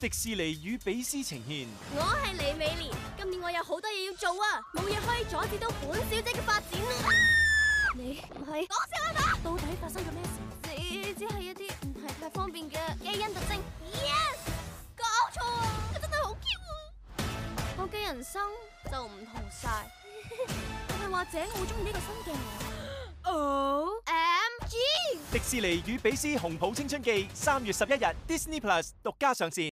迪士尼與比斯呈現，我係李美蓮，今年我有好多嘢要做啊，冇嘢可以阻止到本小姐嘅發展啊！你唔係講笑係嘛？到底發生咗咩事？只只係一啲唔係太方便嘅基因特徵。Yes，搞錯啊，佢真係好 Q 啊！我嘅人生就唔同晒，係或者我好中意呢個新嘅我。OMG，迪士尼與比斯熊抱青春記三月十一日 Disney Plus 獨家上線。